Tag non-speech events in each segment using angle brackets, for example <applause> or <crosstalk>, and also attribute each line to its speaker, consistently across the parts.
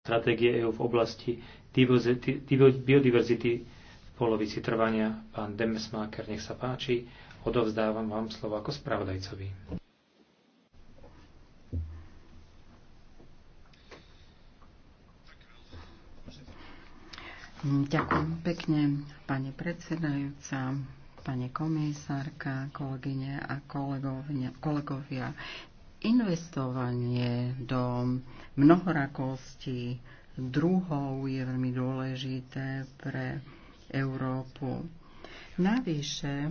Speaker 1: stratégie EÚ v oblasti biodiverzity v polovici trvania. Pán Demesmáker, nech sa páči, odovzdávam vám slovo ako spravodajcovi.
Speaker 2: Ďakujem pekne, pani predsedajúca, pani komisárka, kolegyne a kolegovia. Investovanie do mnohorakosti druhov je veľmi dôležité pre Európu. Navyše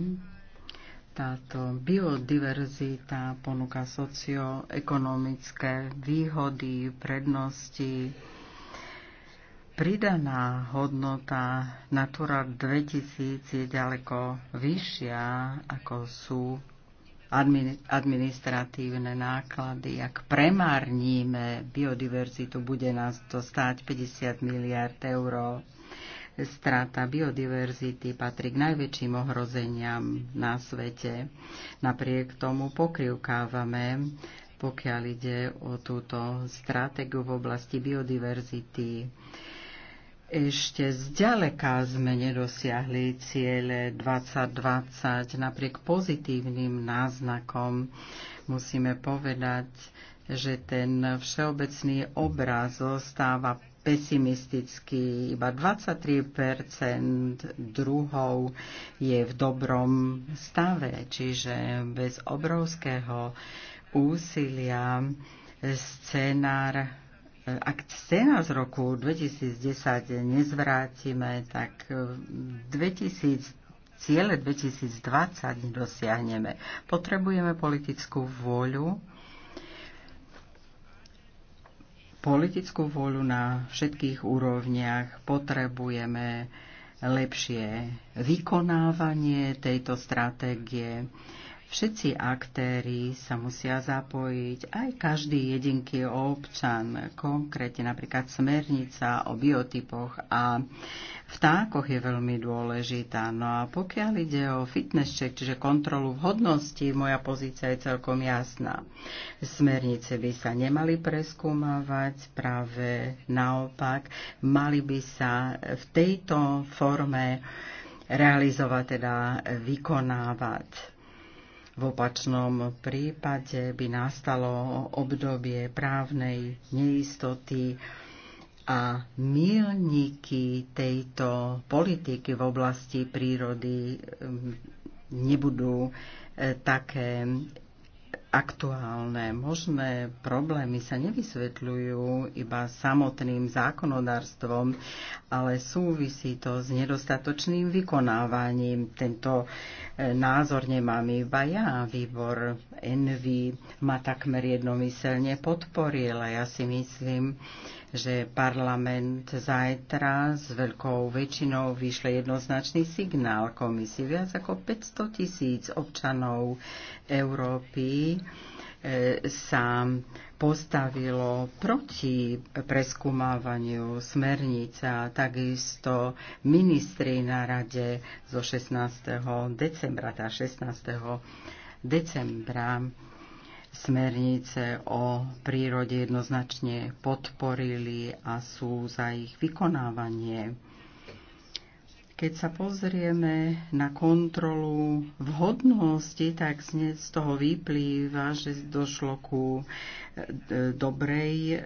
Speaker 2: táto biodiverzita ponúka socioekonomické výhody, prednosti, pridaná hodnota Natura 2000 je ďaleko vyššia, ako sú administratívne náklady. Ak premárníme biodiverzitu, bude nás to stáť 50 miliard eur. Strata biodiverzity patrí k najväčším ohrozeniam na svete. Napriek tomu pokrivkávame, pokiaľ ide o túto stratégiu v oblasti biodiverzity ešte zďaleka sme nedosiahli ciele 2020. Napriek pozitívnym náznakom musíme povedať, že ten všeobecný obraz zostáva pesimistický. Iba 23% druhov je v dobrom stave, čiže bez obrovského úsilia scenár ak scéna z roku 2010 nezvrátime, tak 2000 e, ciele 2020 nedosiahneme. Potrebujeme politickú vôľu, politickú vôľu na všetkých úrovniach, potrebujeme lepšie vykonávanie tejto stratégie. Všetci aktéry sa musia zapojiť, aj každý jedinký občan, konkrétne napríklad smernica o biotypoch a vtákoch je veľmi dôležitá. No a pokiaľ ide o fitness check, čiže kontrolu vhodnosti, moja pozícia je celkom jasná. Smernice by sa nemali preskúmavať, práve naopak, mali by sa v tejto forme realizovať, teda vykonávať v opačnom prípade by nastalo obdobie právnej neistoty a milníky tejto politiky v oblasti prírody ehm, nebudú e, také aktuálne možné problémy sa nevysvetľujú iba samotným zákonodárstvom, ale súvisí to s nedostatočným vykonávaním. Tento e, názor nemám iba ja. Výbor Envy ma takmer jednomyselne podporil a ja si myslím, že parlament zajtra s veľkou väčšinou vyšle jednoznačný signál komisii. Viac ako 500 tisíc občanov Európy e, sa postavilo proti preskumávaniu smernice a takisto ministri na rade zo 16. decembra, tá teda 16. decembra smernice o prírode jednoznačne podporili a sú za ich vykonávanie. Keď sa pozrieme na kontrolu vhodnosti, tak z toho vyplýva, že došlo ku e, dobrej e,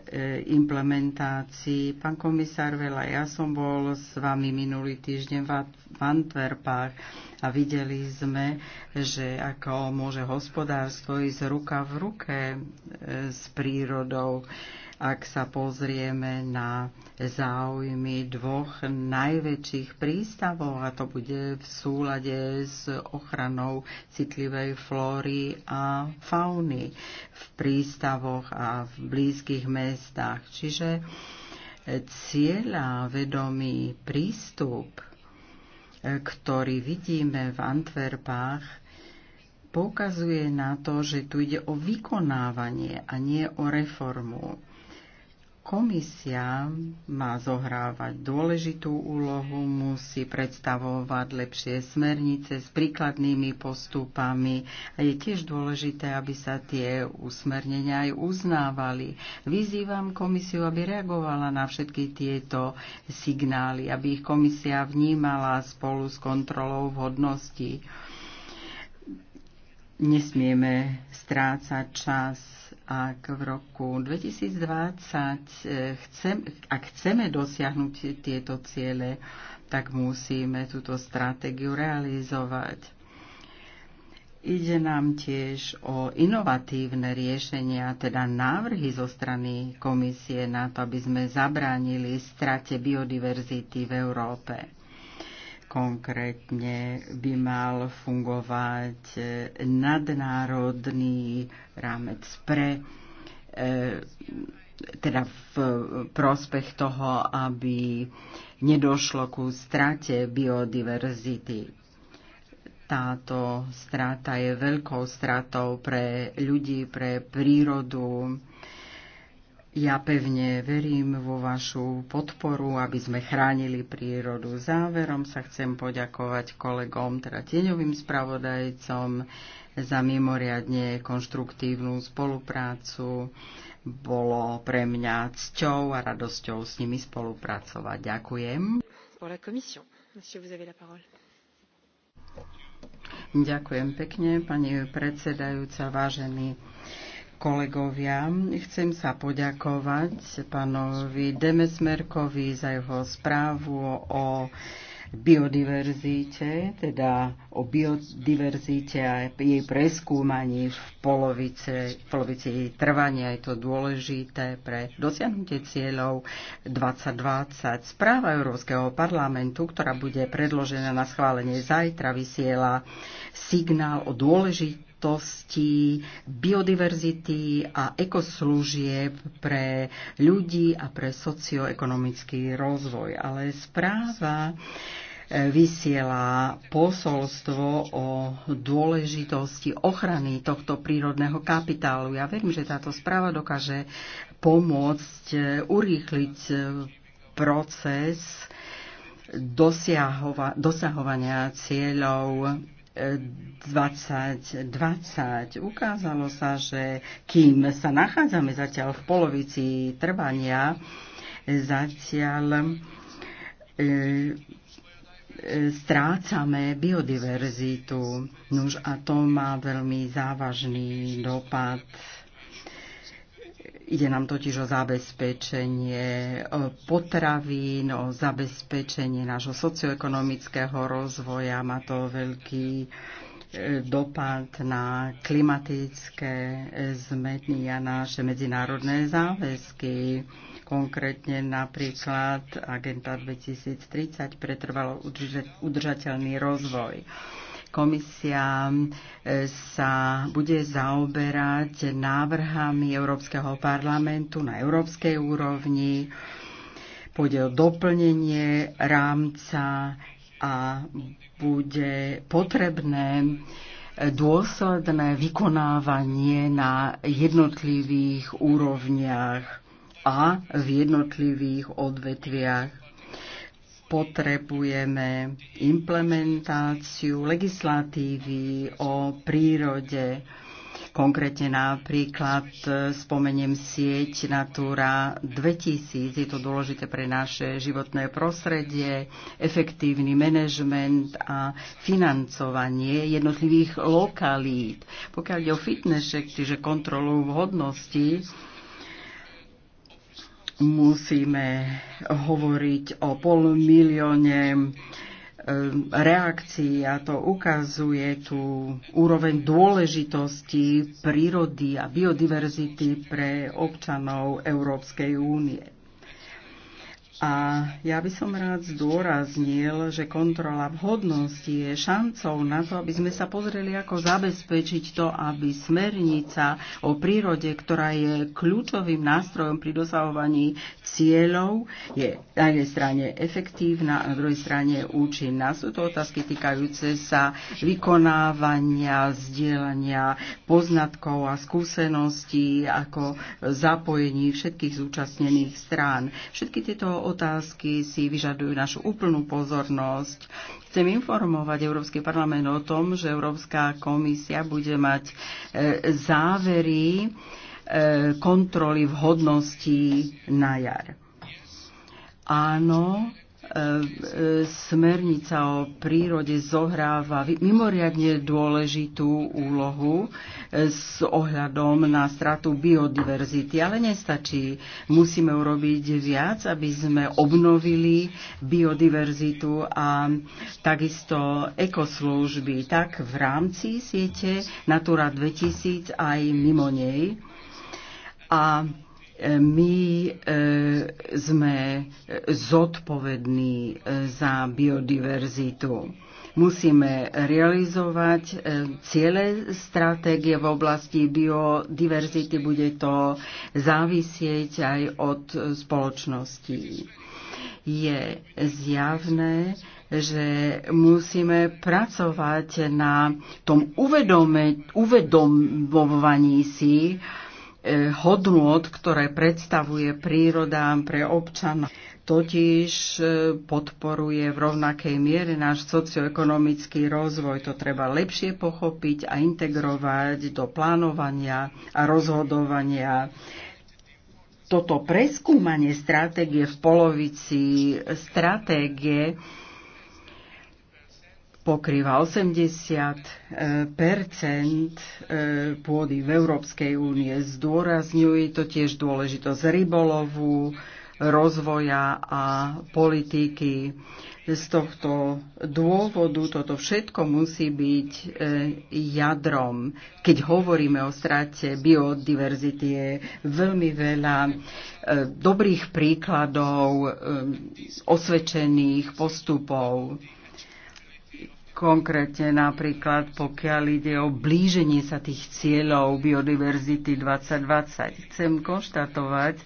Speaker 2: implementácii. Pán komisár Vela, ja som bol s vami minulý týždeň v Antwerpách a videli sme, že ako môže hospodárstvo ísť ruka v ruke e, s prírodou ak sa pozrieme na záujmy dvoch najväčších prístavov a to bude v súlade s ochranou citlivej flóry a fauny v prístavoch a v blízkych mestách. Čiže cieľa vedomý prístup, ktorý vidíme v Antwerpách, poukazuje na to, že tu ide o vykonávanie a nie o reformu. Komisia má zohrávať dôležitú úlohu, musí predstavovať lepšie smernice s príkladnými postupami a je tiež dôležité, aby sa tie usmernenia aj uznávali. Vyzývam komisiu, aby reagovala na všetky tieto signály, aby ich komisia vnímala spolu s kontrolou vhodnosti. Nesmieme strácať čas ak v roku 2020 eh, chcem, ak chceme dosiahnuť tieto ciele, tak musíme túto stratégiu realizovať. Ide nám tiež o inovatívne riešenia, teda návrhy zo strany komisie na to, aby sme zabránili strate biodiverzity v Európe. Konkrétne by mal fungovať e, nadnárodný rámec pre e, teda v prospech toho, aby nedošlo ku strate biodiverzity táto strata je veľkou stratou pre ľudí, pre prírodu, ja pevne verím vo vašu podporu, aby sme chránili prírodu. Záverom sa chcem poďakovať kolegom, teda tieňovým spravodajcom, za mimoriadne konštruktívnu spoluprácu. Bolo pre mňa cťou a radosťou s nimi spolupracovať. Ďakujem. Ďakujem pekne, pani predsedajúca, vážení kolegovia. Chcem sa poďakovať pánovi Demesmerkovi za jeho správu o biodiverzite, teda o biodiverzite a jej preskúmaní v polovice, v polovice jej trvania. Je to dôležité pre dosiahnutie cieľov 2020. Správa Európskeho parlamentu, ktorá bude predložená na schválenie zajtra, vysiela signál o dôležitosti príležitostí, biodiverzity a ekoslúžieb pre ľudí a pre socioekonomický rozvoj. Ale správa e, vysiela posolstvo o dôležitosti ochrany tohto prírodného kapitálu. Ja verím, že táto správa dokáže pomôcť e, urýchliť e, proces dosahovania cieľov 2020. Ukázalo sa, že kým sa nachádzame zatiaľ v polovici trvania, zatiaľ e, e, strácame biodiverzitu. Nuž a to má veľmi závažný dopad Ide nám totiž o zabezpečenie e, potravín, o zabezpečenie nášho socioekonomického rozvoja. Má to veľký e, dopad na klimatické e, zmeny a naše medzinárodné záväzky. Konkrétne napríklad Agenda 2030 pretrvalo udržateľný rozvoj. Komisia e, sa bude zaoberať návrhami Európskeho parlamentu na európskej úrovni, pôjde o doplnenie rámca a bude potrebné e, dôsledné vykonávanie na jednotlivých úrovniach a v jednotlivých odvetviach potrebujeme implementáciu legislatívy o prírode. Konkrétne napríklad spomeniem sieť Natura 2000. Je to dôležité pre naše životné prostredie, efektívny manažment a financovanie jednotlivých lokalít. Pokiaľ ide je o fitness čiže kontrolu vhodnosti, musíme hovoriť o pol milióne eh, reakcií a to ukazuje tú úroveň dôležitosti prírody a biodiverzity pre občanov Európskej únie. A ja by som rád zdôraznil, že kontrola vhodnosti je šancou na to, aby sme sa pozreli, ako zabezpečiť to, aby smernica o prírode, ktorá je kľúčovým nástrojom pri dosahovaní cieľov, je na jednej strane efektívna, a na druhej strane účinná. Sú to otázky týkajúce sa vykonávania, zdieľania poznatkov a skúseností, ako zapojení všetkých zúčastnených strán. Všetky tieto otázky si vyžadujú našu úplnú pozornosť. Chcem informovať Európsky parlament o tom, že Európska komisia bude mať e, závery e, kontroly vhodnosti na jar. Áno, E, e, smernica o prírode zohráva mimoriadne dôležitú úlohu e, s ohľadom na stratu biodiverzity, ale nestačí. Musíme urobiť viac, aby sme obnovili biodiverzitu a takisto ekoslúžby, tak v rámci siete Natura 2000 aj mimo nej. A my e, sme zodpovední e, za biodiverzitu musíme realizovať e, ciele stratégie v oblasti biodiverzity. Bude to závisieť aj od spoločnosti. Je zjavné, že musíme pracovať na tom uvedome, uvedomovaní si, Eh, hodnôt, ktoré predstavuje príroda pre občana. Totiž eh, podporuje v rovnakej miere náš socioekonomický rozvoj. To treba lepšie pochopiť a integrovať do plánovania a rozhodovania toto preskúmanie stratégie v polovici stratégie pokrýva 80 e, pôdy v Európskej únie. Zdôrazňuje to tiež dôležitosť rybolovu, rozvoja a politiky. Z tohto dôvodu toto všetko musí byť e, jadrom. Keď hovoríme o strate biodiverzity, je veľmi veľa e, dobrých príkladov, osvedčených postupov. Konkrétne napríklad, pokiaľ ide o blíženie sa tých cieľov biodiverzity 2020. Chcem konštatovať,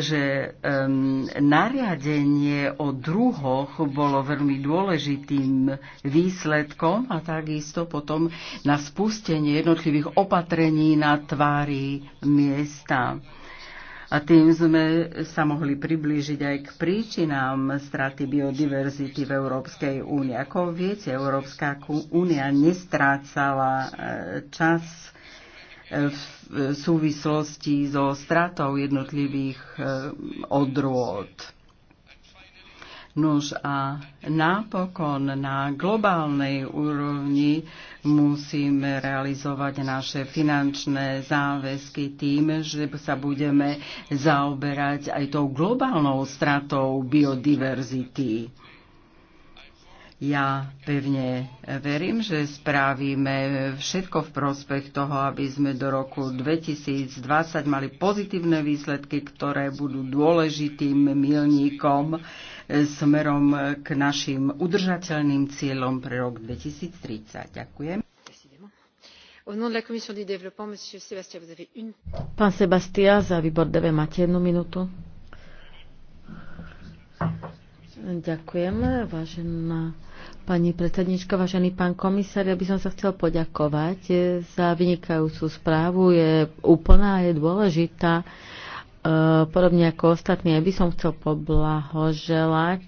Speaker 2: že um, nariadenie o druhoch bolo veľmi dôležitým výsledkom a takisto potom na spustenie jednotlivých opatrení na tvári miesta a tým sme sa mohli priblížiť aj k príčinám straty biodiverzity v Európskej únii. Ako viete, Európska únia nestrácala e, čas e, v súvislosti so stratou jednotlivých e, odrôd. Nož a napokon na globálnej úrovni musíme realizovať naše finančné záväzky tým, že sa budeme zaoberať aj tou globálnou stratou biodiverzity. Ja pevne verím, že spravíme všetko v prospech toho, aby sme do roku 2020 mali pozitívne výsledky, ktoré budú dôležitým milníkom smerom k našim udržateľným cieľom pre rok
Speaker 3: 2030. Ďakujem. Pán Sebastia, za výbor DV máte jednu minútu. Ďakujem, vážená pani predsednička, vážený pán komisár. Ja by som sa chcel poďakovať za vynikajúcu správu. Je úplná, je dôležitá. Eh, podobne ako ostatní, aj by som chcel poblahoželať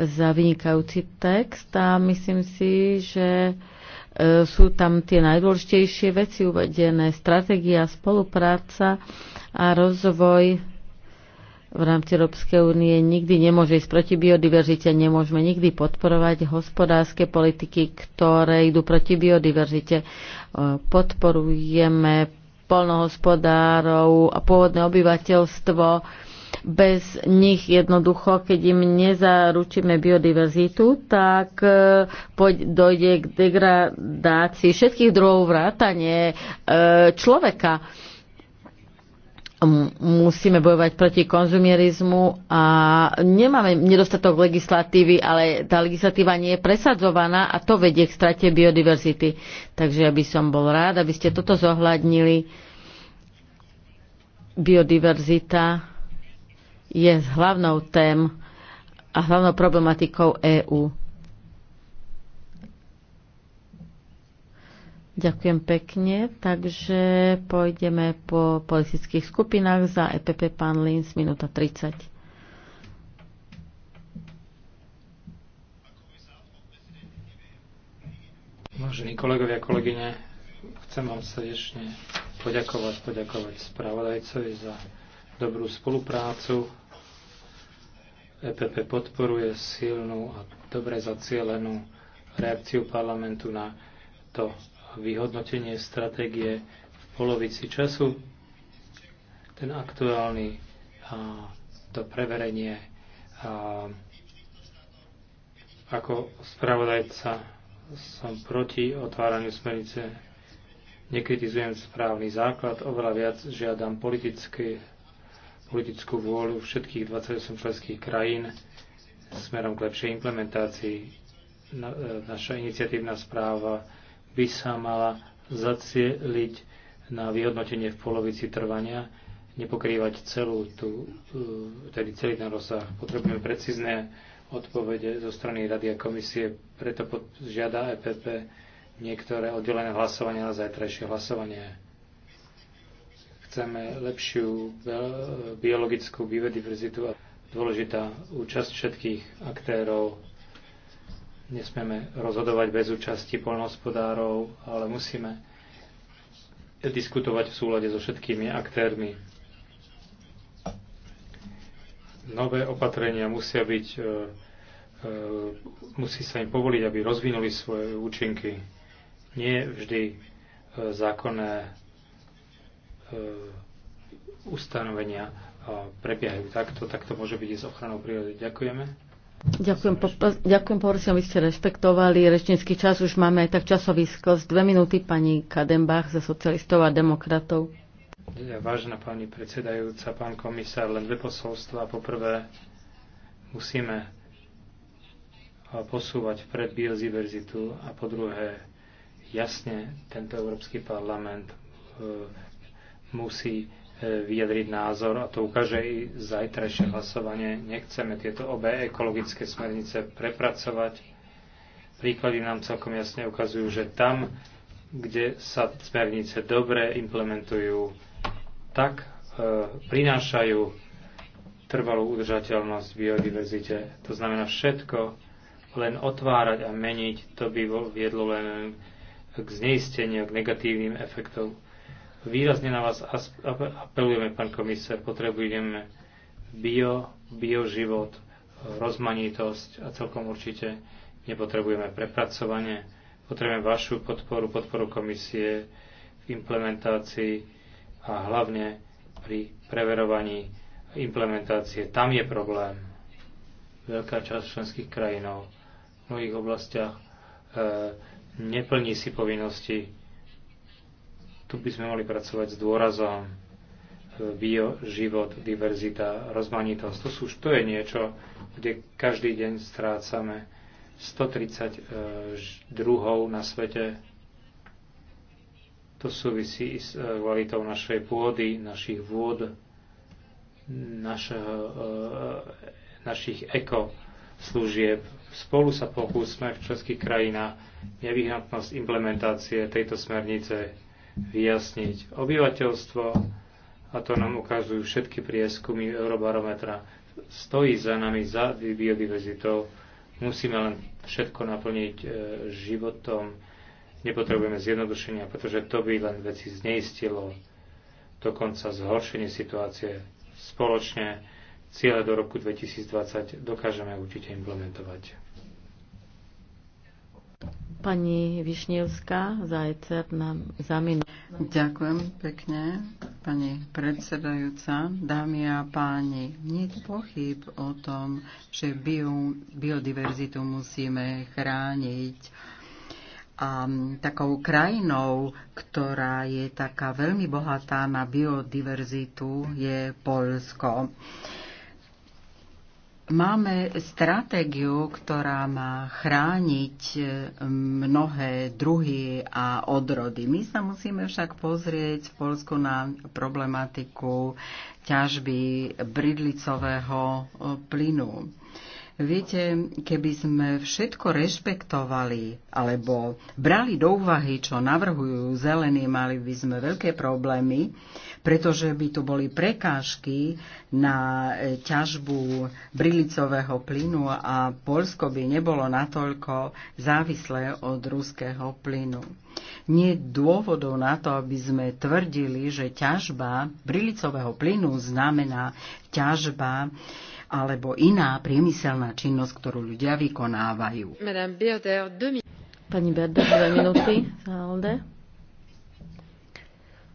Speaker 3: za vynikajúci text a myslím si, že eh, sú tam tie najdôležitejšie veci uvedené. Stratégia, spolupráca a rozvoj v rámci Európskej únie nikdy nemôže ísť proti biodiverzite, nemôžeme nikdy podporovať hospodárske politiky, ktoré idú proti biodiverzite. Eh, podporujeme polnohospodárov a pôvodné obyvateľstvo. Bez nich jednoducho, keď im nezaručíme biodiverzitu, tak e, dojde k degradácii všetkých druhov vrátane e, človeka musíme bojovať proti konzumierizmu a nemáme nedostatok legislatívy, ale tá legislatíva nie je presadzovaná a to vedie k strate biodiverzity. Takže ja by som bol rád, aby ste toto zohľadnili. Biodiverzita je hlavnou tém a hlavnou problematikou EÚ. Ďakujem pekne. Takže pôjdeme po politických skupinách. Za EPP pán Lins, minúta 30.
Speaker 1: Vážení kolegovia, kolegyne, chcem vám srdečne poďakovať, poďakovať spravodajcovi za dobrú spoluprácu. EPP podporuje silnú a dobre zacielenú reakciu parlamentu na to vyhodnotenie stratégie v polovici času. Ten aktuálny a, to preverenie a, ako spravodajca som proti otváraniu smernice. Nekritizujem správny základ, oveľa viac žiadam politické, politickú vôľu všetkých 28 členských krajín smerom k lepšej implementácii. E, naša iniciatívna správa by sa mala zacieliť na vyhodnotenie v polovici trvania, nepokrývať celú tú, e, tedy celý ten rozsah. Potrebujeme precízne odpovede zo strany Rady a komisie, preto žiada EPP niektoré oddelené hlasovania na zajtrajšie hlasovanie. Chceme lepšiu biologickú biodiverzitu a dôležitá účasť všetkých aktérov Nesmieme rozhodovať bez účasti poľnohospodárov, ale musíme diskutovať v súlade so všetkými aktérmi. Nové opatrenia musia byť, e, e, musí sa im povoliť, aby rozvinuli svoje účinky. Nie vždy e, zákonné ustanovenia prebiehajú takto, takto môže byť i s ochranou prírody. Ďakujeme.
Speaker 3: Ďakujem, ďakujem poprosím, aby ste rešpektovali rečnícky čas. Už máme aj tak časový skos. Dve minúty pani Kadenbach za socialistov a demokratov.
Speaker 1: Vážená pani predsedajúca, pán komisár, len dve posolstva. Poprvé, musíme posúvať pred biodiverzitu a po druhé, jasne, tento Európsky parlament e, musí E, vyjadriť názor a to ukáže i zajtrajšie hlasovanie. Nechceme tieto obe ekologické smernice prepracovať. Príklady nám celkom jasne ukazujú, že tam, kde sa smernice dobre implementujú, tak e, prinášajú trvalú udržateľnosť v biodiverzite. To znamená všetko, len otvárať a meniť, to by viedlo len k zneisteniu, k negatívnym efektom Výrazne na vás apelujeme, pán komisár, potrebujeme bio, bioživot, rozmanitosť a celkom určite nepotrebujeme prepracovanie. Potrebujeme vašu podporu, podporu komisie v implementácii a hlavne pri preverovaní implementácie. Tam je problém. Veľká časť členských krajinov v mnohých oblastiach e, neplní si povinnosti tu by sme mali pracovať s dôrazom e, bio, život, diverzita, rozmanitosť. To, sú, to je niečo, kde každý deň strácame 130 e, druhov na svete. To súvisí s e, kvalitou našej pôdy, našich vôd, našeho, našich služieb. Spolu sa pokúsme v českých krajinách nevyhnutnosť implementácie tejto smernice vyjasniť obyvateľstvo, a to nám ukazujú všetky prieskumy Eurobarometra, stojí za nami, za biodiverzitou. Musíme len všetko naplniť e, životom. Nepotrebujeme zjednodušenia, pretože to by len veci zneistilo. Dokonca zhoršenie situácie spoločne ciele do roku 2020 dokážeme určite implementovať.
Speaker 3: Pani Višnievská, zajcer nám zaminu. Ďakujem pekne,
Speaker 2: pani predsedajúca, dámy a páni. Nie je pochyb o tom, že bio, biodiverzitu musíme chrániť. A takou krajinou, ktorá je taká veľmi bohatá na biodiverzitu, je Polsko. Máme stratégiu, ktorá má chrániť e, mnohé druhy a odrody. My sa musíme však pozrieť v Polsku na problematiku ťažby bridlicového e, plynu. Viete, keby sme všetko rešpektovali alebo brali do úvahy, čo navrhujú zelení, mali by sme veľké problémy, pretože by to boli prekážky na e, ťažbu brilicového plynu a Polsko by nebolo natoľko závislé od ruského plynu. Nie je dôvodov na to, aby sme tvrdili, že ťažba brilicového plynu znamená ťažba alebo iná priemyselná činnosť, ktorú ľudia vykonávajú.
Speaker 3: Pani Berder, dve minúty.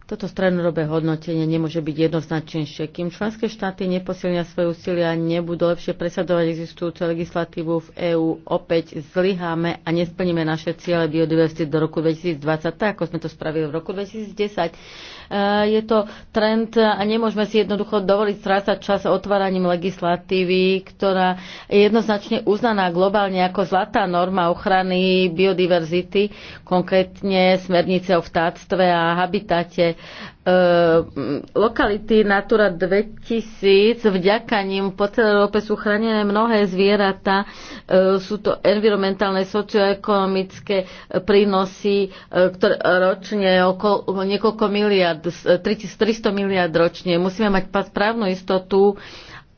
Speaker 3: Toto strednodobé hodnotenie nemôže byť jednoznačnejšie. Kým členské štáty neposilnia svoje úsilia, nebudú lepšie presadovať existujúcu legislatívu v EÚ, opäť zlyháme a nesplníme naše ciele biodiverzity do roku 2020, tak ako sme to spravili v roku 2010. E, je to trend a nemôžeme si jednoducho dovoliť strácať čas otváraním legislatívy, ktorá je jednoznačne uznaná globálne ako zlatá norma ochrany biodiverzity, konkrétne smernice o vtáctve a habitate e, lokality Natura 2000 vďaka nim po celej Európe sú chránené mnohé zvieratá. E, sú to environmentálne, socioekonomické prínosy, e, ktoré ročne okolo, niekoľko miliard, 300 e, miliard ročne. Musíme mať správnu istotu,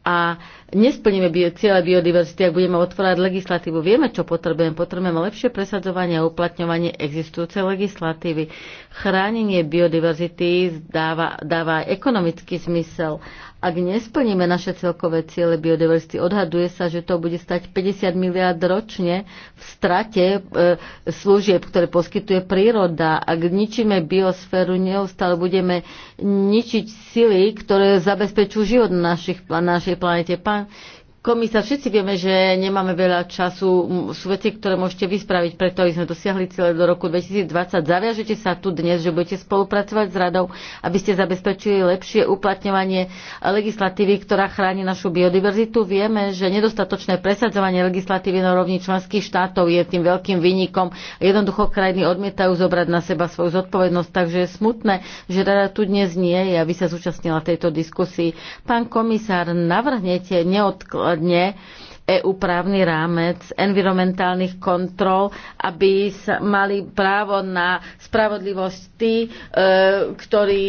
Speaker 3: a nesplníme bio, cieľe biodiverzity, ak budeme otvárať legislatívu. Vieme, čo potrebujeme. Potrebujeme lepšie presadzovanie a uplatňovanie existujúcej legislatívy. Chránenie biodiverzity dáva, dáva ekonomický zmysel ak nesplníme naše celkové ciele biodiverzity, odhaduje sa, že to bude stať 50 miliard ročne v strate e, služieb, ktoré poskytuje príroda. Ak ničíme biosféru, neustále budeme ničiť sily, ktoré zabezpečujú život na našich, na našej planete. Pán komisár, všetci vieme, že nemáme veľa času. Sú veci, ktoré môžete vyspraviť, preto aby sme dosiahli cieľe do roku 2020. Zaviažete sa tu dnes, že budete spolupracovať s radou, aby ste zabezpečili lepšie uplatňovanie legislatívy, ktorá chráni našu biodiverzitu. Vieme, že nedostatočné presadzovanie legislatívy na rovni členských štátov je tým veľkým výnikom. Jednoducho krajiny odmietajú zobrať na seba svoju zodpovednosť, takže je smutné, že rada tu dnes nie je, aby sa zúčastnila tejto diskusii. Pán komisár, navrhnete neodkladne prípadne EU právny rámec environmentálnych kontrol, aby sa mali právo na spravodlivosť tí, e, ktorí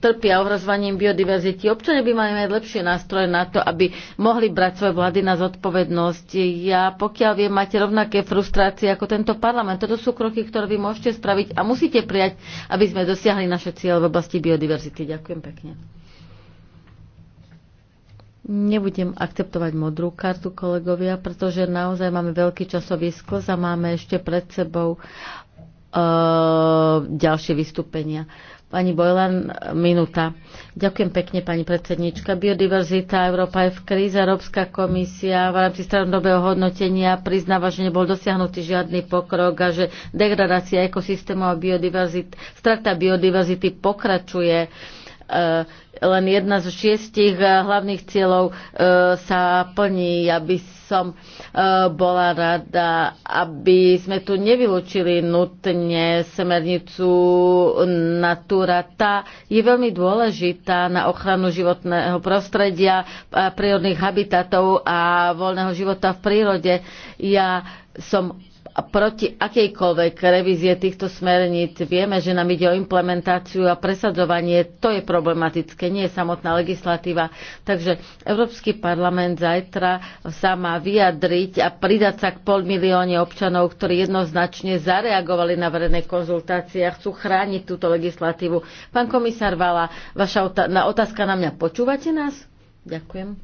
Speaker 3: trpia ohrozovaním biodiverzity. Občania by mali mať lepšie nástroje na to, aby mohli brať svoje vlády na zodpovednosť. Ja, pokiaľ viem, máte rovnaké frustrácie ako tento parlament. Toto sú kroky, ktoré vy môžete spraviť a musíte prijať, aby sme dosiahli naše cieľe v oblasti biodiverzity. Ďakujem pekne. Nebudem akceptovať modrú kartu, kolegovia, pretože naozaj máme veľký časový sklz a máme ešte pred sebou uh, ďalšie vystúpenia. Pani Bojlan, minúta. Ďakujem pekne, pani predsednička. Biodiverzita Európa je v kríze. Európska komisia v rámci stranodobého hodnotenia priznáva, že nebol dosiahnutý žiadny pokrok a že degradácia ekosystémov a biodiverzit, strata biodiverzity pokračuje. Uh, Eh, len jedna zo šiestich eh, hlavných cieľov eh, sa plní. aby som bola rada, aby sme tu nevylučili nutne smernicu Natura. Tá je veľmi dôležitá na ochranu životného prostredia, prírodných habitatov a voľného života v prírode. Ja som proti akejkoľvek revízie týchto smerníc. Vieme, že nám ide o implementáciu a presadzovanie. To je problematické, nie je samotná legislatíva. Takže Európsky parlament zajtra sa má vyjadriť a pridať sa k pol milióne občanov, ktorí jednoznačne zareagovali na verejné konzultácie a chcú chrániť túto legislatívu. Pán komisár Vala, vaša otázka na mňa. Počúvate nás? Ďakujem.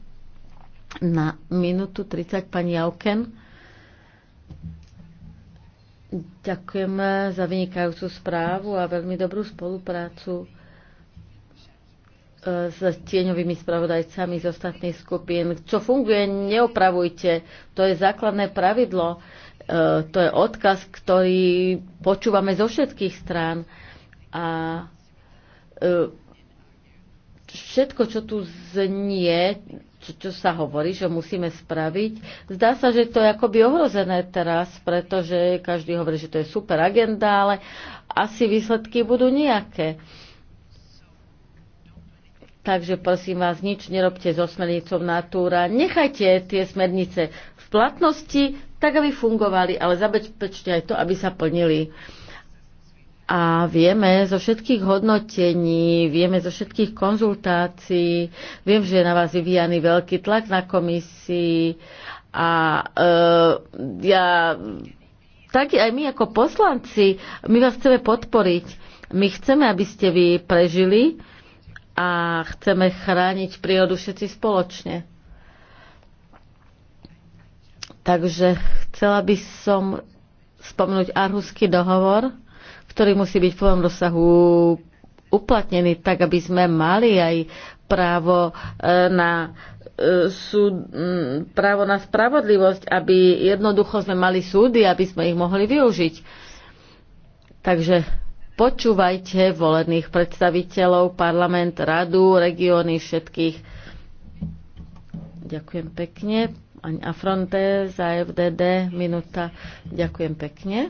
Speaker 3: Na minútu 30 pani Jauken. Ďakujeme za vynikajúcu správu a veľmi dobrú spoluprácu e, s tieňovými spravodajcami z ostatných skupín. Čo funguje, neopravujte. To je základné pravidlo. E, to je odkaz, ktorý počúvame zo všetkých strán. A e, všetko, čo tu znie, čo, čo sa hovorí, že musíme spraviť. Zdá sa, že to je akoby ohrozené teraz, pretože každý hovorí, že to je super agenda, ale asi výsledky budú nejaké. Takže prosím vás, nič nerobte so smernicou Natúra. Nechajte tie smernice v platnosti, tak aby fungovali, ale zabezpečte aj to, aby sa plnili. A vieme zo všetkých hodnotení, vieme zo všetkých konzultácií, viem, že je na vás vyvíjaný veľký tlak na komisii a e, ja, tak aj my ako poslanci, my vás chceme podporiť. My chceme, aby ste vy prežili a chceme chrániť prírodu všetci spoločne. Takže chcela by som spomenúť Arhusky dohovor, ktorý musí byť v plnom rozsahu uplatnený, tak aby sme mali aj právo e, na e, súd, právo na spravodlivosť, aby jednoducho sme mali súdy, aby sme ich mohli využiť. Takže počúvajte volených predstaviteľov, parlament, radu, regióny, všetkých. Ďakujem pekne. Ani Afronte za FDD, minúta. Ďakujem pekne.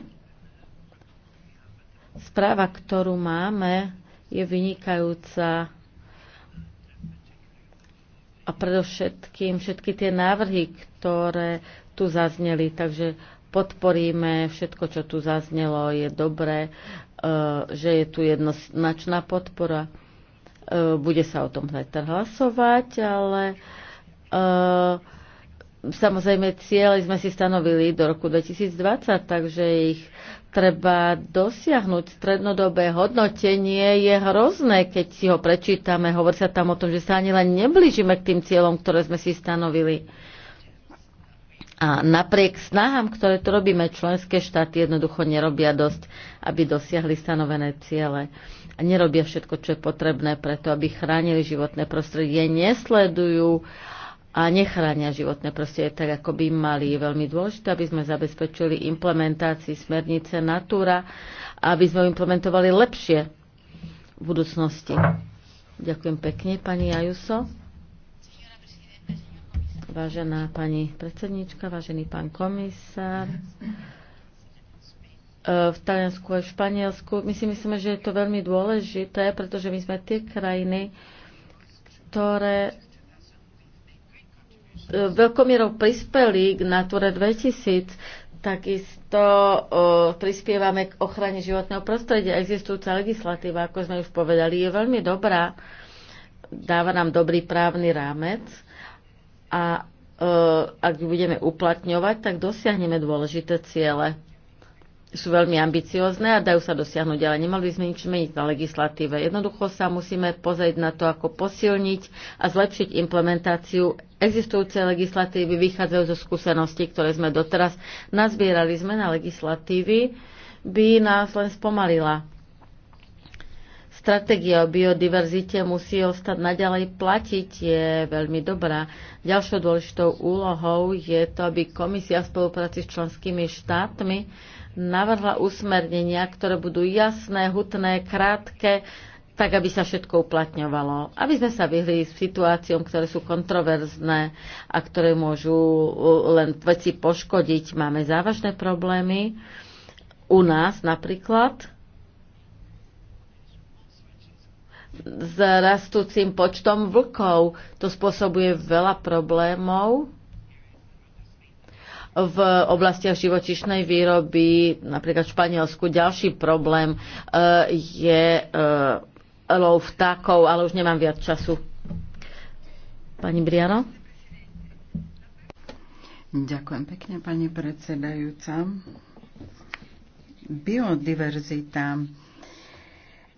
Speaker 3: Správa, ktorú máme, je vynikajúca a predovšetkým všetky tie návrhy, ktoré tu zazneli. Takže podporíme všetko, čo tu zaznelo. Je dobré, e, že je tu jednoznačná podpora. E, bude sa o tom zajtra hlasovať, ale e, samozrejme cieľ sme si stanovili do roku 2020, takže ich treba dosiahnuť strednodobé hodnotenie, je hrozné, keď si ho prečítame. Hovorí sa tam o tom, že sa ani len neblížime k tým cieľom, ktoré sme si stanovili. A napriek snahám, ktoré tu robíme, členské štáty jednoducho nerobia dosť, aby dosiahli stanovené ciele. A nerobia všetko, čo je potrebné preto, aby chránili životné prostredie. Nesledujú uh, a nechránia životné prostredie tak, ako by mali. Je veľmi dôležité, aby sme zabezpečili implementácii smernice Natura a aby sme ju implementovali lepšie v budúcnosti. Ďakujem pekne, pani Ajuso. Vážená pani predsednička, vážený pán komisár e, v Taliansku a Španielsku. My si myslíme, že je to veľmi dôležité, pretože my sme tie krajiny, ktoré veľkomierou prispeli k Nature 2000, takisto prispievame k ochrane životného prostredia. Existujúca legislatíva, ako sme už povedali, je veľmi dobrá, dáva nám dobrý právny rámec a ak budeme uplatňovať, tak dosiahneme dôležité ciele sú veľmi ambiciózne a dajú sa dosiahnuť, ale nemali by sme nič meniť na legislatíve. Jednoducho sa musíme pozrieť na to, ako posilniť a zlepšiť implementáciu existujúcej legislatívy, vychádzajú zo skúseností, ktoré sme doteraz nazbierali. Zmena legislatívy by nás len spomalila stratégia o biodiverzite musí ostať naďalej platiť, je veľmi dobrá. Ďalšou dôležitou úlohou je to, aby komisia v spolupráci s členskými štátmi navrhla usmernenia, ktoré budú jasné, hutné, krátke, tak aby sa všetko uplatňovalo. Aby sme sa vyhli s situáciom, ktoré sú kontroverzné a ktoré môžu len veci poškodiť. Máme závažné problémy u nás napríklad s rastúcim počtom vlkov. To spôsobuje veľa problémov v oblastiach živočišnej výroby, napríklad v Španielsku. Ďalší problém e, je e, lov vtákov, ale už nemám viac času. Pani Briano? Ďakujem pekne, pani predsedajúca.
Speaker 2: Biodiverzita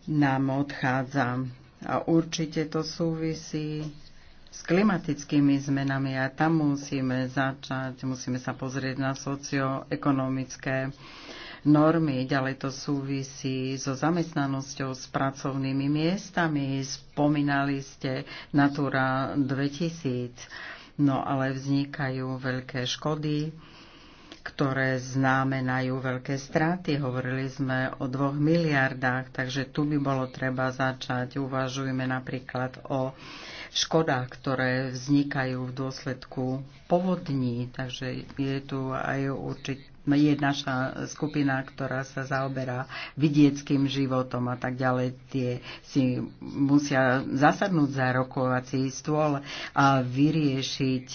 Speaker 2: nám odchádza. A určite to súvisí s klimatickými zmenami a tam musíme začať, musíme sa pozrieť na socioekonomické normy. Ďalej to súvisí so zamestnanosťou, s pracovnými miestami. Spomínali ste Natura 2000, no ale vznikajú veľké škody ktoré znamenajú veľké straty. Hovorili sme o dvoch miliardách, takže tu by bolo treba začať. Uvažujme napríklad o škodách, ktoré vznikajú v dôsledku povodní, takže je tu aj určitý je naša skupina, ktorá sa zaoberá vidieckým životom a tak ďalej. Tie si musia zasadnúť za rokovací stôl a vyriešiť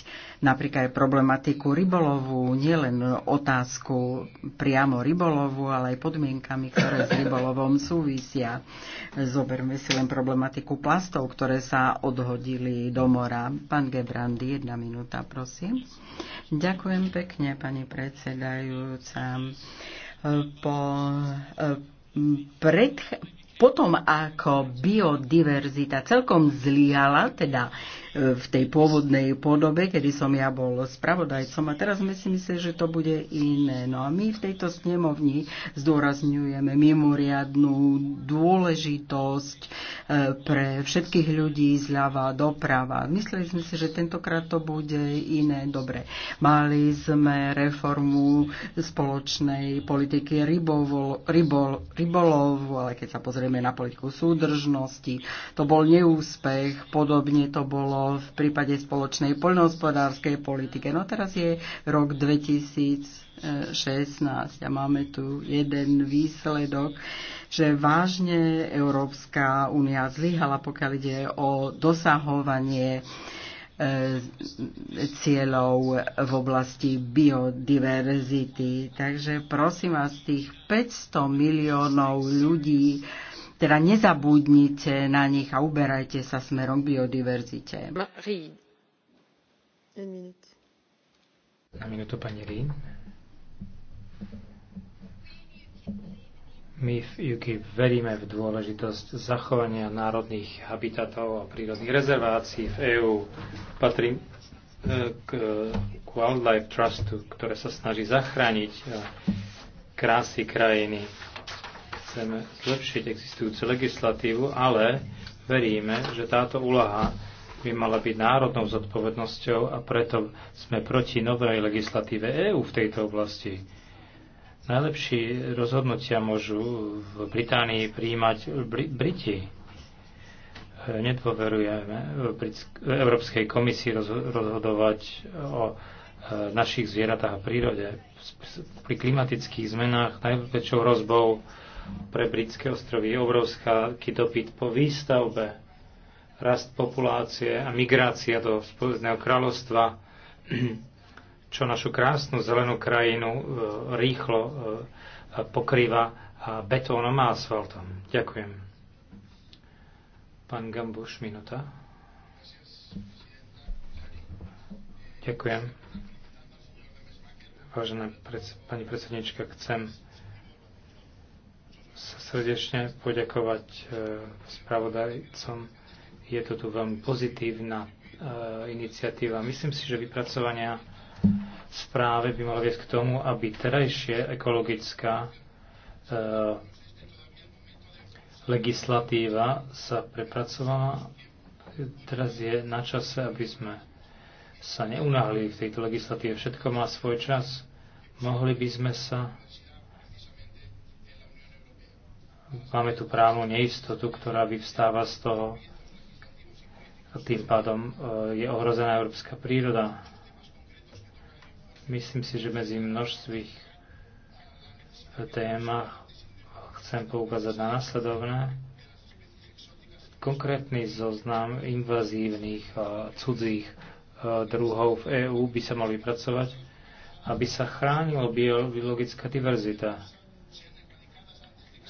Speaker 2: napríklad problematiku rybolovu, nielen otázku priamo rybolovu, ale aj podmienkami, ktoré s rybolovom súvisia. Zoberme si len problematiku plastov, ktoré sa odhodili do mora. Pán Gebrandy, jedna minúta, prosím. Ďakujem pekne, pani predsedajú. E, po, e, pred, potom ako biodiverzita celkom zlyhala, teda v tej pôvodnej podobe, kedy som ja bol spravodajcom a teraz sme si mysleli, že to bude iné. No a my v tejto snemovni zdôrazňujeme mimoriadnú dôležitosť e, pre všetkých ľudí zľava doprava. Mysleli sme si, že tentokrát to bude iné. Dobre, mali sme reformu spoločnej politiky rybovol, rybol, rybolovu, ale keď sa pozrieme na politiku súdržnosti, to bol neúspech, podobne to bolo v prípade spoločnej poľnohospodárskej politike. No teraz je rok 2016 a máme tu jeden výsledok, že vážne Európska únia zlyhala, pokiaľ ide o dosahovanie e, cieľov v oblasti biodiverzity. Takže prosím vás, tých 500 miliónov ľudí teda nezabudnite na nich a uberajte sa smerom biodiverzite.
Speaker 1: Na minútu pani Rín. My v UK veríme v dôležitosť zachovania národných habitatov a prírodných rezervácií v EÚ. Patrím e, k, e, k Wildlife Trustu, ktoré sa snaží zachrániť e, krásy krajiny chceme zlepšiť existujúcu legislatívu, ale veríme, že táto úlaha by mala byť národnou zodpovednosťou a preto sme proti novej legislatíve EÚ v tejto oblasti. Najlepšie rozhodnutia môžu v Británii príjmať Briti. Nedôverujeme Európskej komisii rozhodovať o e, našich zvieratách a prírode. Pri klimatických zmenách najväčšou rozbou pre britské ostrovy. Je obrovský dopyt po výstavbe, rast populácie a migrácia do Spojeného kráľovstva, <clears throat> čo našu krásnu zelenú krajinu e, rýchlo e, pokrýva betónom a asfaltom. Ďakujem. Pán Gambuš, minúta. Ďakujem. Vážená pani predsednička, chcem srdečne poďakovať e, spravodajcom. Je to tu veľmi pozitívna e, iniciatíva. Myslím si, že vypracovania správe by malo viesť k tomu, aby terajšie ekologická e, legislatíva sa prepracovala. Teraz je na čase, aby sme sa neunahli v tejto legislatíve. Všetko má svoj čas. Mohli by sme sa Máme tu právnu neistotu, ktorá vyvstáva z toho a tým pádom e, je ohrozená európska príroda. Myslím si, že medzi množstvých e, témach chcem poukázať na následovné. Konkrétny zoznam invazívnych a cudzích e, druhov v EÚ by sa mal vypracovať, aby sa chránila biologická diverzita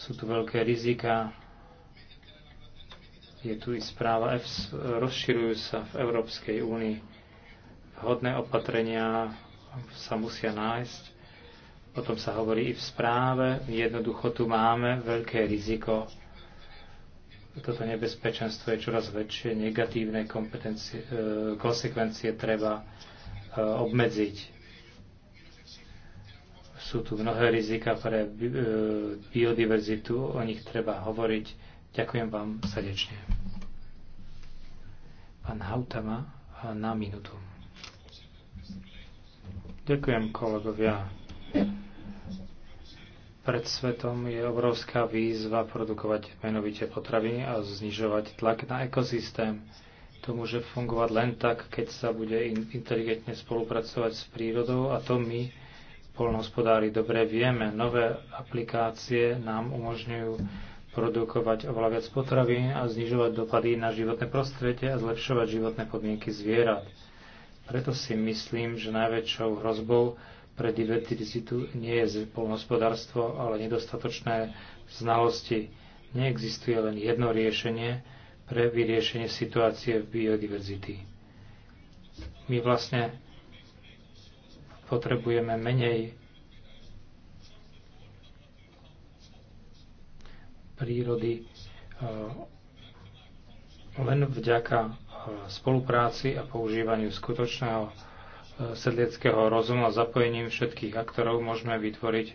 Speaker 1: sú tu veľké rizika. Je tu i správa EFS. Rozširujú sa v Európskej únii. Vhodné opatrenia sa musia nájsť. O tom sa hovorí i v správe. Jednoducho tu máme veľké riziko. Toto nebezpečenstvo je čoraz väčšie. Negatívne kompetencie, e, konsekvencie treba e, obmedziť sú tu mnohé rizika pre e, biodiverzitu, o nich treba hovoriť. Ďakujem vám srdečne. Pán Hautama e, na minútu. Ďakujem kolegovia. Pred svetom je obrovská výzva produkovať menovite potraviny a znižovať tlak na ekosystém. To môže fungovať len tak, keď sa bude inteligentne spolupracovať s prírodou a to my polnohospodári dobre vieme, nové aplikácie nám umožňujú produkovať oveľa viac potravy a znižovať dopady na životné prostredie a zlepšovať životné podmienky zvierat. Preto si myslím, že najväčšou hrozbou pre diverzitu nie je polnohospodárstvo, ale nedostatočné znalosti. Neexistuje len jedno riešenie pre vyriešenie situácie v biodiverzity. My vlastne potrebujeme menej prírody eh, len vďaka eh, spolupráci a používaniu skutočného eh, sedlieckého rozumu a zapojením všetkých aktorov môžeme vytvoriť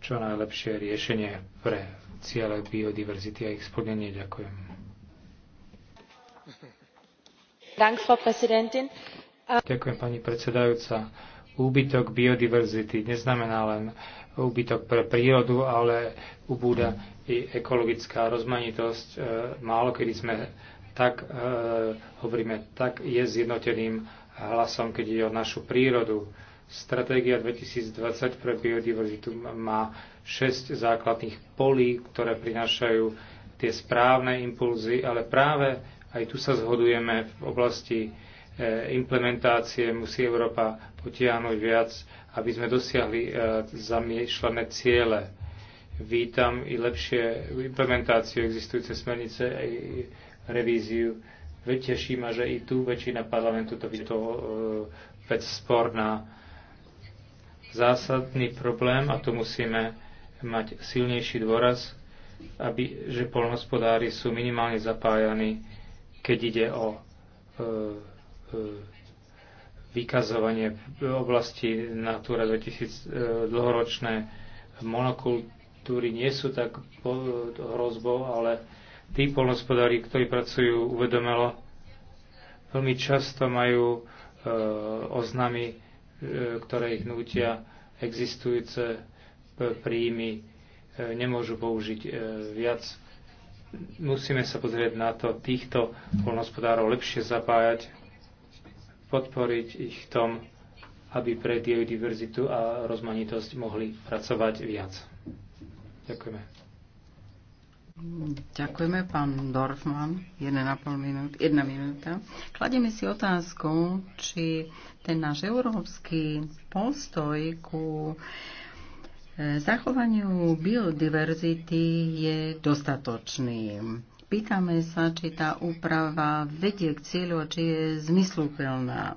Speaker 1: čo najlepšie riešenie pre ciele biodiverzity a ich splnenie. Ďakujem. Ďakujem pani predsedajúca Úbytok biodiverzity neznamená len úbytok pre prírodu, ale ubúda i ekologická rozmanitosť. E, málo kedy sme tak, e, hovoríme, tak je zjednoteným hlasom, keď ide o našu prírodu. Stratégia 2020 pre biodiverzitu má 6 základných polí, ktoré prinášajú tie správne impulzy, ale práve aj tu sa zhodujeme v oblasti e, implementácie musí Európa utiahnuť viac, aby sme dosiahli e, zamýšľané ciele. Vítam i lepšie implementáciu existujúce smernice a revíziu. Teší ma, že i tu väčšina parlamentu to by to e, vec sporná. Zásadný problém, a tu musíme mať silnejší dôraz, aby, že polnospodári sú minimálne zapájani, keď ide o e, e, vykazovanie v oblasti Natura 2000 e, dlhoročné monokultúry nie sú tak hrozbou, ale tí polnospodári, ktorí pracujú uvedomelo, veľmi často majú e, oznamy, e, ktoré ich nutia existujúce príjmy e, nemôžu použiť e, viac. Musíme sa pozrieť na to, týchto polnospodárov lepšie zapájať podporiť ich v tom, aby pre diverzitu a rozmanitosť mohli pracovať viac. Ďakujeme.
Speaker 2: Ďakujeme, pán Dorfman. Jedna, minút, jedna minúta. Kladieme si otázku, či ten náš európsky postoj ku e, zachovaniu biodiverzity je dostatočný Pýtame sa, či tá úprava vedie k cieľu, či je zmysluplná.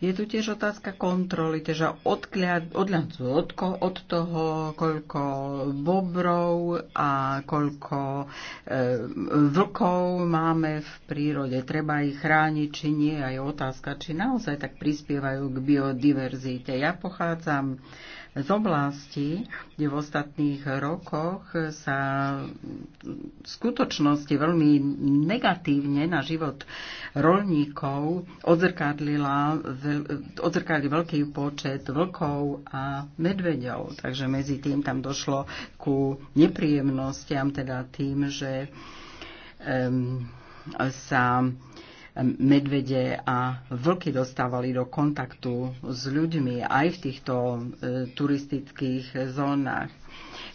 Speaker 2: Je tu tiež otázka kontroly, teda odhľadnú od, od toho, koľko bobrov a koľko e, vlkov máme v prírode. Treba ich chrániť, či nie. A je otázka, či naozaj tak prispievajú k biodiverzite. Ja pochádzam e, z oblasti, kde v ostatných rokoch sa v skutočnosti veľmi negatívne na život rolníkov odzrkadlila, odzrkadli veľký počet vlkov a medveďov. Takže medzi tým tam došlo ku nepríjemnostiam, teda tým, že um, sa medvede a vlky dostávali do kontaktu s ľuďmi aj v týchto e, turistických zónach.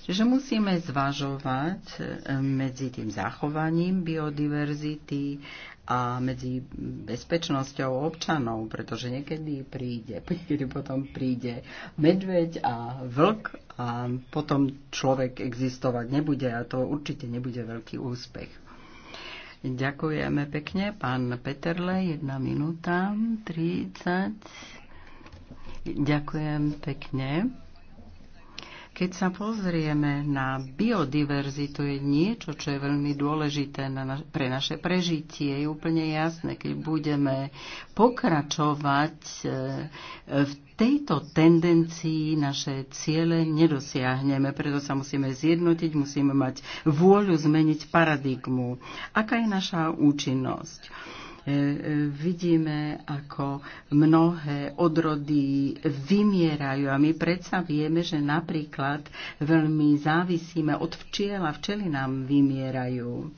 Speaker 2: Čiže musíme zvažovať e, medzi tým zachovaním biodiverzity a medzi bezpečnosťou občanov, pretože niekedy príde, niekedy potom príde medveď a vlk a potom človek existovať nebude a to určite nebude veľký úspech. Ďakujeme pekne. Pán Peterle, jedna minúta, 30. Ďakujem pekne. Keď sa pozrieme na biodiverzitu, je niečo, čo je veľmi dôležité na naš- pre naše prežitie. Je úplne jasné, keď budeme pokračovať e, e, v tejto tendencii naše ciele nedosiahneme, preto sa musíme zjednotiť, musíme mať vôľu zmeniť paradigmu. Aká je naša účinnosť? E, e, vidíme, ako mnohé odrody vymierajú a my predsa vieme, že napríklad veľmi závisíme od včiel a včely nám vymierajú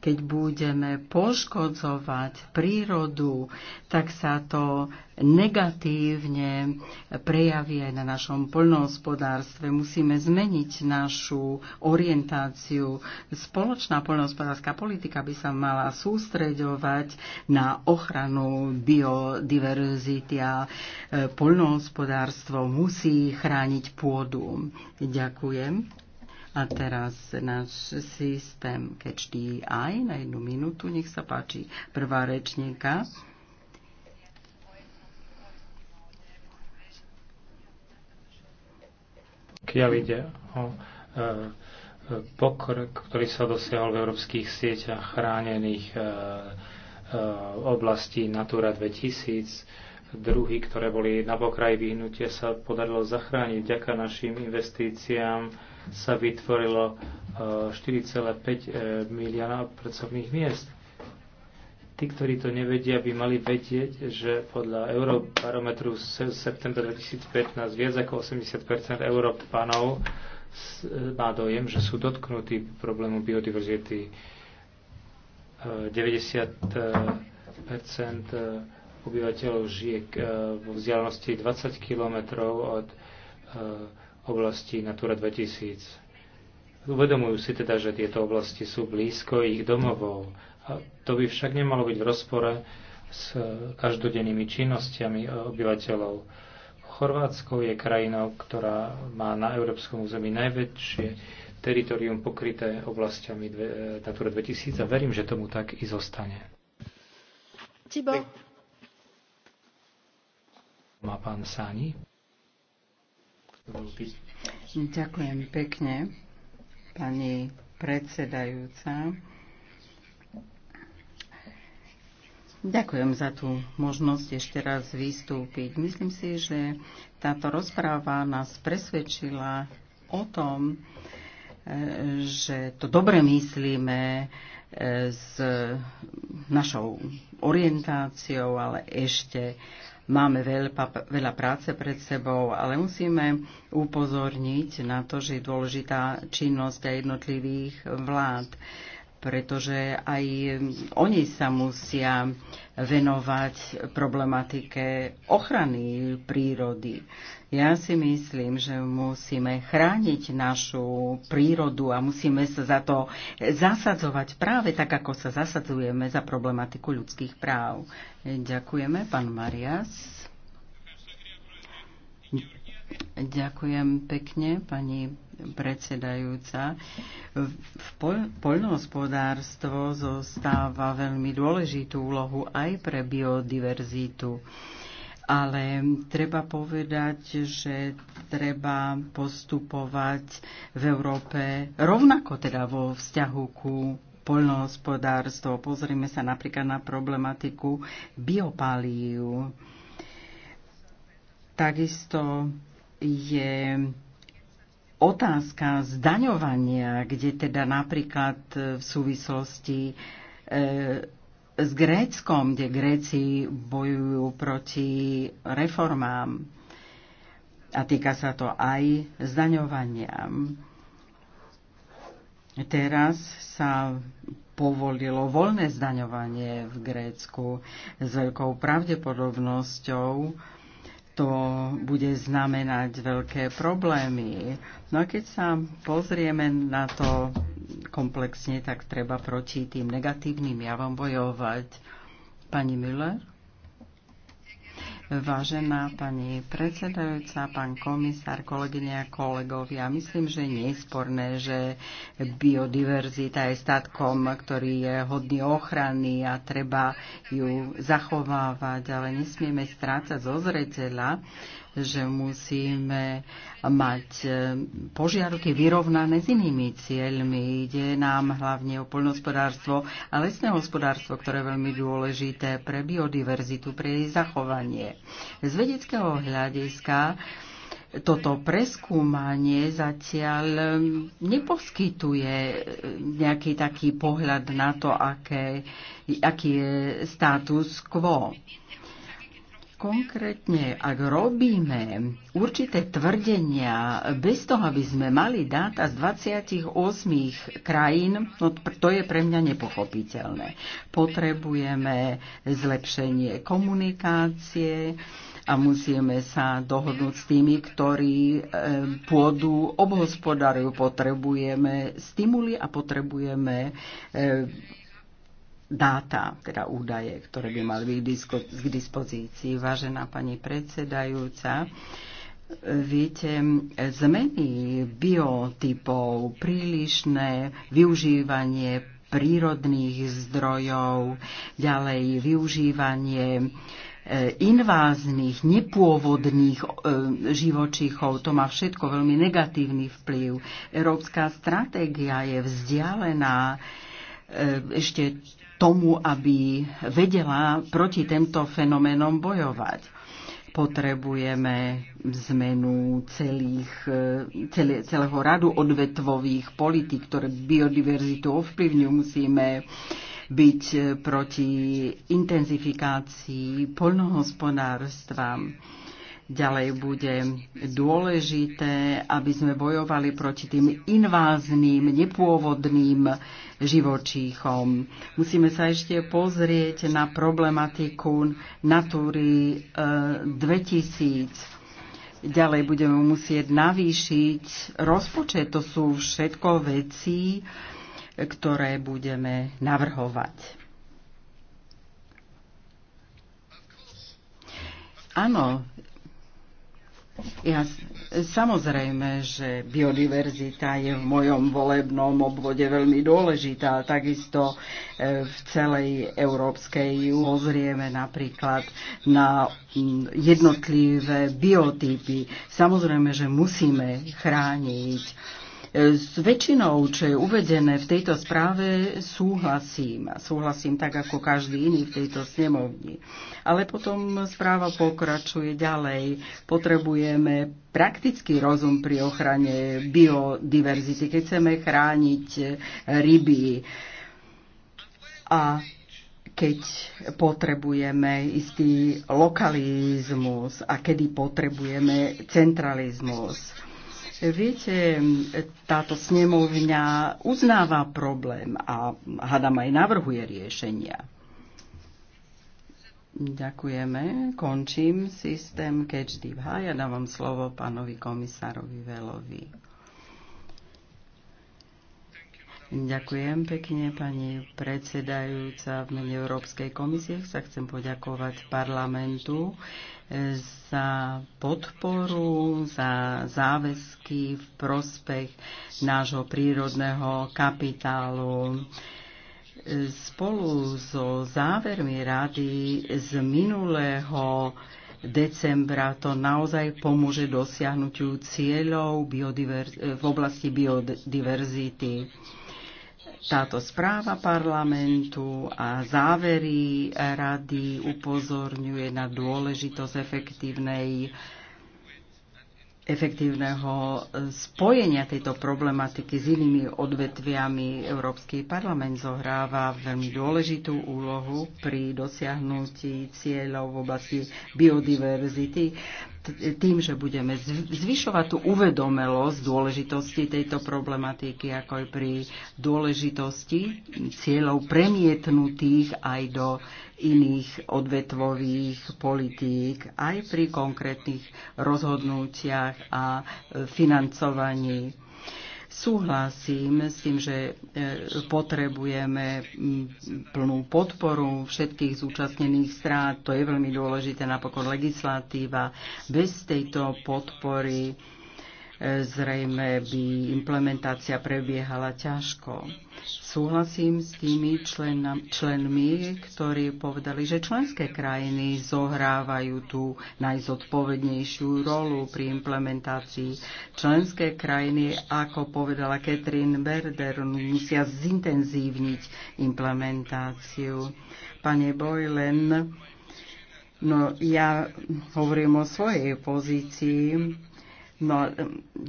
Speaker 2: keď budeme poškodzovať prírodu, tak sa to negatívne prejaví aj na našom poľnohospodárstve. Musíme zmeniť našu orientáciu. Spoločná poľnohospodárska politika by sa mala sústreďovať na ochranu biodiverzity a e, poľnohospodárstvo musí chrániť pôdu. Ďakujem. A teraz náš systém Catch the Eye na jednu minútu. Nech sa páči prvá rečníka.
Speaker 1: Pokiaľ ide o e, e, pokrok, ktorý sa dosiahol v európskych sieťach chránených e, oblastí Natura 2000, druhy, ktoré boli na pokraji vyhnutia, sa podarilo zachrániť. Vďaka našim investíciám sa vytvorilo 4,5 eh, eh, milióna pracovných miest. Tí, ktorí to nevedia, by mali vedieť, že podľa Eurobarometru z septembra 2015 viac ako 80 Európanov eh, má dojem, že sú dotknutí problému biodiverzity. 90 obyvateľov žije e, vo vzdialenosti 20 kilometrov od e, oblasti Natura 2000. Uvedomujú si teda, že tieto oblasti sú blízko ich domovov. A to by však nemalo byť v rozpore s e, každodennými činnostiami obyvateľov. Chorvátsko je krajinou, ktorá má na európskom území najväčšie teritorium pokryté oblastiami Natura 2000 a verím, že tomu tak i zostane. Tibor. Má pán Sáni.
Speaker 2: Ďakujem pekne, pani predsedajúca. Ďakujem za tú možnosť ešte raz vystúpiť. Myslím si, že táto rozpráva nás presvedčila o tom, e, že to dobre myslíme e, s našou orientáciou, ale ešte Máme veľa, veľa práce pred sebou, ale musíme upozorniť na to, že je dôležitá činnosť aj jednotlivých vlád pretože aj oni sa musia venovať problematike ochrany prírody. Ja si myslím, že musíme chrániť našu prírodu a musíme sa za to zasadzovať práve tak, ako sa zasadzujeme za problematiku ľudských práv. Ďakujeme, pán Marias. Ďakujem pekne, pani predsedajúca. Pol- poľnohospodárstvo zostáva veľmi dôležitú úlohu aj pre biodiverzitu. Ale treba povedať, že treba postupovať v Európe rovnako teda vo vzťahu ku poľnohospodárstvu. Pozrime sa napríklad na problematiku biopalív. Takisto je otázka zdaňovania, kde teda napríklad e, v súvislosti e, s Gréckom, kde Gréci bojujú proti reformám a týka sa to aj zdaňovania. Teraz sa povolilo voľné zdaňovanie v Grécku s veľkou pravdepodobnosťou to bude znamenať veľké problémy. No a keď sa pozrieme na to komplexne, tak treba proti tým negatívnym javom bojovať. Pani Müller? Vážená pani predsedajúca, pán komisár, kolegyne a kolegovia, myslím, že nie je sporné, že biodiverzita je statkom, ktorý je hodný ochrany a treba ju zachovávať, ale nesmieme strácať zo zreteľa, že musíme mať e, požiarky vyrovnané s inými cieľmi. Ide nám hlavne o poľnohospodárstvo a lesné hospodárstvo, ktoré je veľmi dôležité pre biodiverzitu, pre jej zachovanie. Z vedeckého hľadiska toto preskúmanie zatiaľ e, neposkytuje e, nejaký taký pohľad na to, aké, aký je status quo. Konkrétne, ak robíme určité tvrdenia bez toho, aby sme mali dáta z 28 krajín, no to je pre mňa nepochopiteľné. Potrebujeme zlepšenie komunikácie, a musíme sa dohodnúť s tými, ktorí eh, pôdu obhospodárujú. Potrebujeme stimuly a potrebujeme eh, dáta, teda údaje, ktoré by mali byť k dispozícii. Vážená pani predsedajúca, Viete, zmeny biotypov, prílišné využívanie prírodných zdrojov, ďalej využívanie e, inváznych, nepôvodných e, živočíchov. To má všetko veľmi negatívny vplyv. Európska stratégia je vzdialená e, ešte tomu, aby vedela proti týmto fenoménom bojovať. Potrebujeme zmenu celých, e, celé, celého radu odvetvových politik, ktoré biodiverzitu ovplyvňujú. Musíme byť e, proti intenzifikácii poľnohospodárstva Ďalej bude dôležité, aby sme bojovali proti tým invázným, nepôvodným živočíchom. Musíme sa ešte pozrieť na problematiku Natúry 2000. E, Ďalej budeme musieť navýšiť rozpočet. To sú všetko veci, ktoré budeme navrhovať. Áno, ja, samozrejme, že biodiverzita je v mojom volebnom obvode veľmi dôležitá, takisto e, v celej Európskej pozrieme napríklad na jednotlivé biotypy. Samozrejme, že musíme chrániť s väčšinou, čo je uvedené v tejto správe, súhlasím. Súhlasím tak, ako každý iný v tejto snemovni. Ale potom správa pokračuje ďalej. Potrebujeme praktický rozum pri ochrane biodiverzity, keď chceme chrániť ryby. A keď potrebujeme istý lokalizmus a kedy potrebujeme centralizmus Viete, táto snemovňa uznáva problém a hadam aj navrhuje riešenia. Ďakujeme. Končím systém Catch Deep High. Ja dávam slovo pánovi komisárovi Velovi. Ďakujem pekne, pani predsedajúca. V mene Európskej komisie sa chcem poďakovať parlamentu za podporu, za záväzky v prospech nášho prírodného kapitálu. Spolu so závermi rady z minulého decembra to naozaj pomôže dosiahnutiu cieľov v oblasti biodiverzity táto správa parlamentu a závery rady upozorňuje na dôležitosť efektívnej efektívneho spojenia tejto problematiky s inými odvetviami Európsky parlament zohráva veľmi dôležitú úlohu pri dosiahnutí cieľov v oblasti biodiverzity tým, že budeme zvyšovať tú uvedomelosť dôležitosti tejto problematiky, ako aj pri dôležitosti cieľov premietnutých aj do iných odvetvových politík, aj pri konkrétnych rozhodnutiach a e, financovaní Súhlasím s tým, že e, potrebujeme plnú podporu všetkých zúčastnených strát. To je veľmi dôležité, napokon legislatíva. Bez tejto podpory zrejme by implementácia prebiehala ťažko. Súhlasím s tými člena, členmi, ktorí povedali, že členské krajiny zohrávajú tú najzodpovednejšiu rolu pri implementácii. Členské krajiny, ako povedala Catherine Berder, musia zintenzívniť implementáciu. Pane Boylen, no ja hovorím o svojej pozícii No,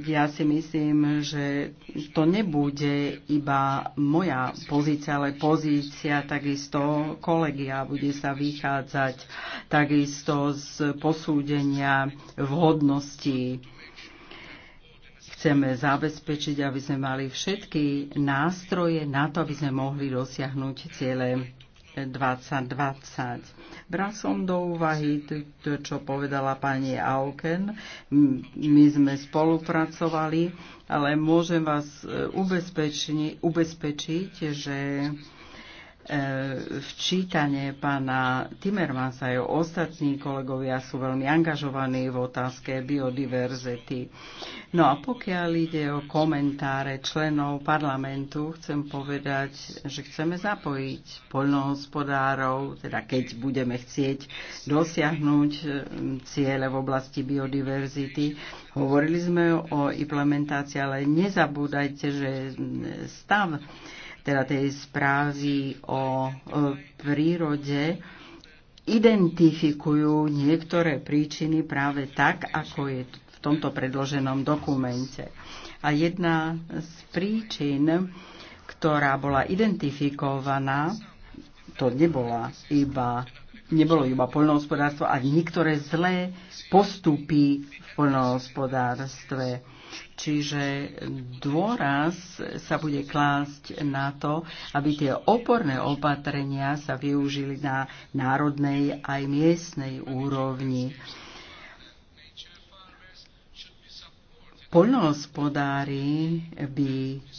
Speaker 2: ja si myslím, že to nebude iba moja pozícia, ale pozícia takisto kolegia. Bude sa vychádzať takisto z posúdenia vhodnosti. Chceme zabezpečiť, aby sme mali všetky nástroje na to, aby sme mohli dosiahnuť ciele 2020. Bral som do úvahy to, čo povedala pani Auken. My sme spolupracovali, ale môžem vás e, ubezpečiť, ubezpečiť že E, včítanie pána Timmermansa aj ostatní kolegovia sú veľmi angažovaní v otázke biodiverzity. No a pokiaľ ide o komentáre členov parlamentu, chcem povedať, že chceme zapojiť poľnohospodárov, teda keď budeme chcieť dosiahnuť e, ciele v oblasti biodiverzity. Hovorili sme o implementácii, ale nezabúdajte, že stav teda tej správy o e, prírode, identifikujú niektoré príčiny práve tak, ako je v tomto predloženom dokumente. A jedna z príčin, ktorá bola identifikovaná, to nebola iba, nebolo iba poľnohospodárstvo, ale niektoré zlé postupy v poľnohospodárstve Čiže dôraz sa bude klásť na to, aby tie oporné opatrenia sa využili na národnej aj miestnej úrovni. Poľnohospodári by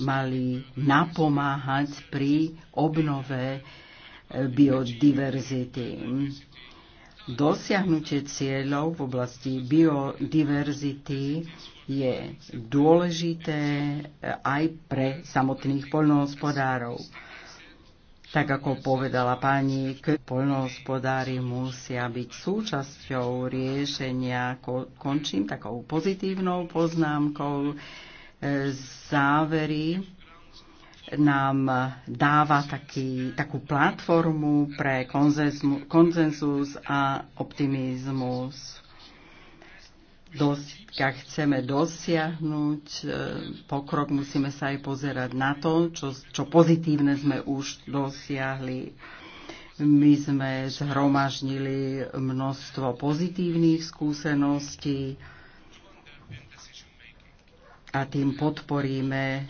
Speaker 2: mali napomáhať pri obnove biodiverzity. Dosiahnutie cieľov v oblasti biodiverzity je dôležité eh, aj pre samotných poľnohospodárov. Tak ako povedala pani, poľnohospodári musia byť súčasťou riešenia. Končím takou pozitívnou poznámkou. Eh, závery nám dáva taký, takú platformu pre konzensus a optimizmus dosť, chceme dosiahnuť e, pokrok, musíme sa aj pozerať na to, čo, čo pozitívne sme už dosiahli. My sme zhromažnili množstvo pozitívnych skúseností a tým podporíme e,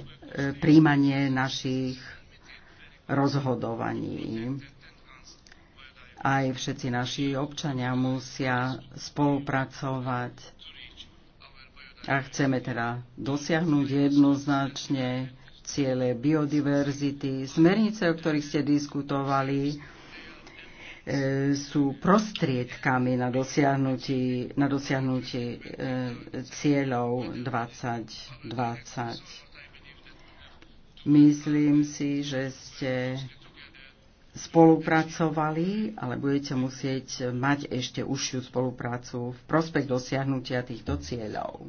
Speaker 2: príjmanie našich rozhodovaní. Aj všetci naši občania musia spolupracovať a chceme teda dosiahnuť jednoznačne ciele biodiverzity. Smernice, o ktorých ste diskutovali, e, sú prostriedkami na dosiahnutie, na dosiahnutie e, cieľov 2020. Myslím si, že ste spolupracovali, ale budete musieť mať ešte užšiu spoluprácu v prospech dosiahnutia týchto cieľov.